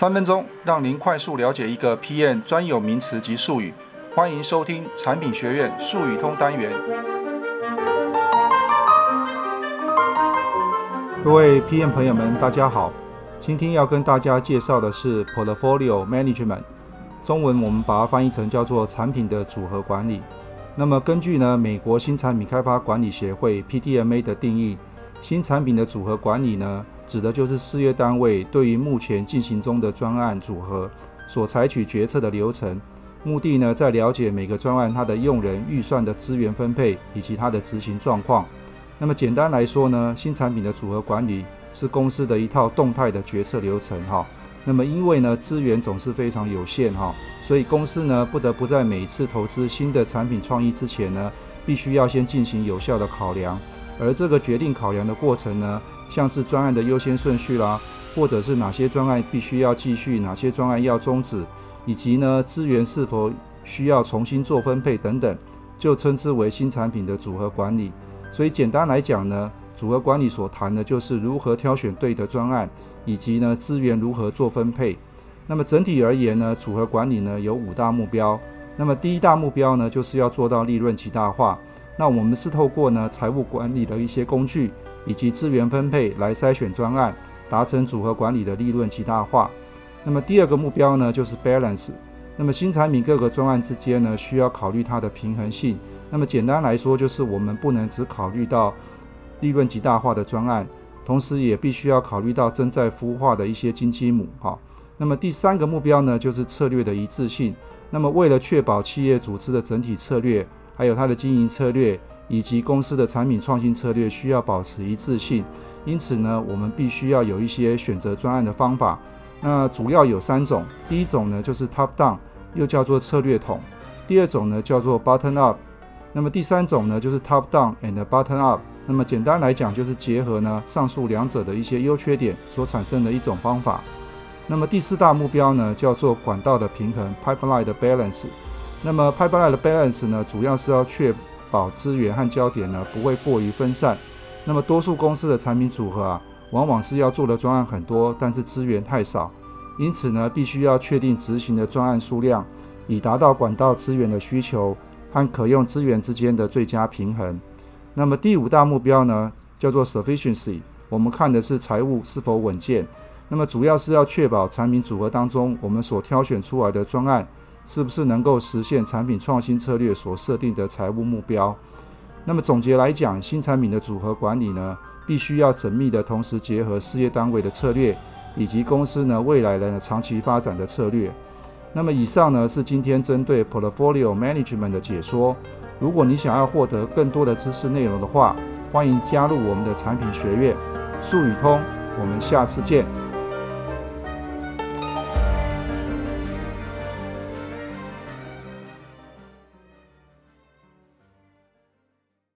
三分鐘讓您快速了解一個 PM 專有名詞及術語，歡迎收聽產品學院術語通單元。各位 PM 朋友們，大家好，今天要跟大家介紹的是 Portfolio Management，中文我們把它翻譯成叫做產品的組合管理。那麼根據呢美國新產品開發管理協會 （PDMA） 的定義。新產品的組合管理呢，指的就是事業單位對於目前進行中的專案組合所採取決策的流程。目的呢，在了解每個專案它的用人、預算的資源分配以及它的執行狀況。那麼簡單來說呢，新產品的組合管理是公司的一套動態的決策流程哈。那麼因為呢資源總是非常有限哈，所以公司呢不得不在每次投資新的產品創意之前呢，必須要先進行有效的考量。而這個決定考量的過程呢，像是專案的優先順序啦，或者是哪些專案必須要繼續，哪些專案要終止，以及呢資源是否需要重新做分配等等，就稱之為新產品的組合管理。所以簡單來講呢，組合管理所談的就是如何挑選對的專案，以及呢資源如何做分配。那麼整體而言呢，組合管理呢有五大目標。那麼第一大目標呢，就是要做到利潤極大化。那我們是透過呢財務管理的一些工具以及資源分配來篩選專案，達成組合管理的利潤極大化。那麼第二個目標呢，就是 balance。那麼新產品各個專案之間呢，需要考慮它的平衡性。那麼簡單來說，就是我們不能只考慮到利潤極大化的專案，同時也必須要考慮到正在孵化的一些金雞母哈。那麼第三個目標呢，就是策略的一致性。那麼為了確保企業組織的整體策略。還有它的經營策略以及公司的產品創新策略需要保持一致性，因此呢，我們必須要有一些選擇專案的方法。那主要有三種，第一種呢就是 top down，又叫做策略桶；第二種呢叫做 bottom up；那麼第三種呢就是 top down and bottom up。那麼簡單來講，就是結合呢上述兩者的一些優缺點所產生的一種方法。那麼第四大目標呢叫做管道的平衡 （pipeline 的 balance）。那麼，pipeline 的 balance 呢，主要是要確保資源和焦點呢不會過於分散。那麼，多數公司的產品組合啊，往往是要做的專案很多，但是資源太少。因此呢，必須要確定執行的專案數量，以達到管道資源的需求和可用資源之間的最佳平衡。那麼，第五大目標呢，叫做 sufficiency。我們看的是財務是否穩健。那麼，主要是要確保產品組合當中我們所挑選出來的專案。是不是能夠實現產品創新策略所設定的財務目標？那麼總結來講，新產品的組合管理呢，必須要縝密的同時結合事業單位的策略以及公司呢未來的長期發展的策略。那麼以上呢是今天針對 Portfolio Management 的解說。如果你想要獲得更多的知識內容的話，歡迎加入我們的產品學院術語通。我們下次見。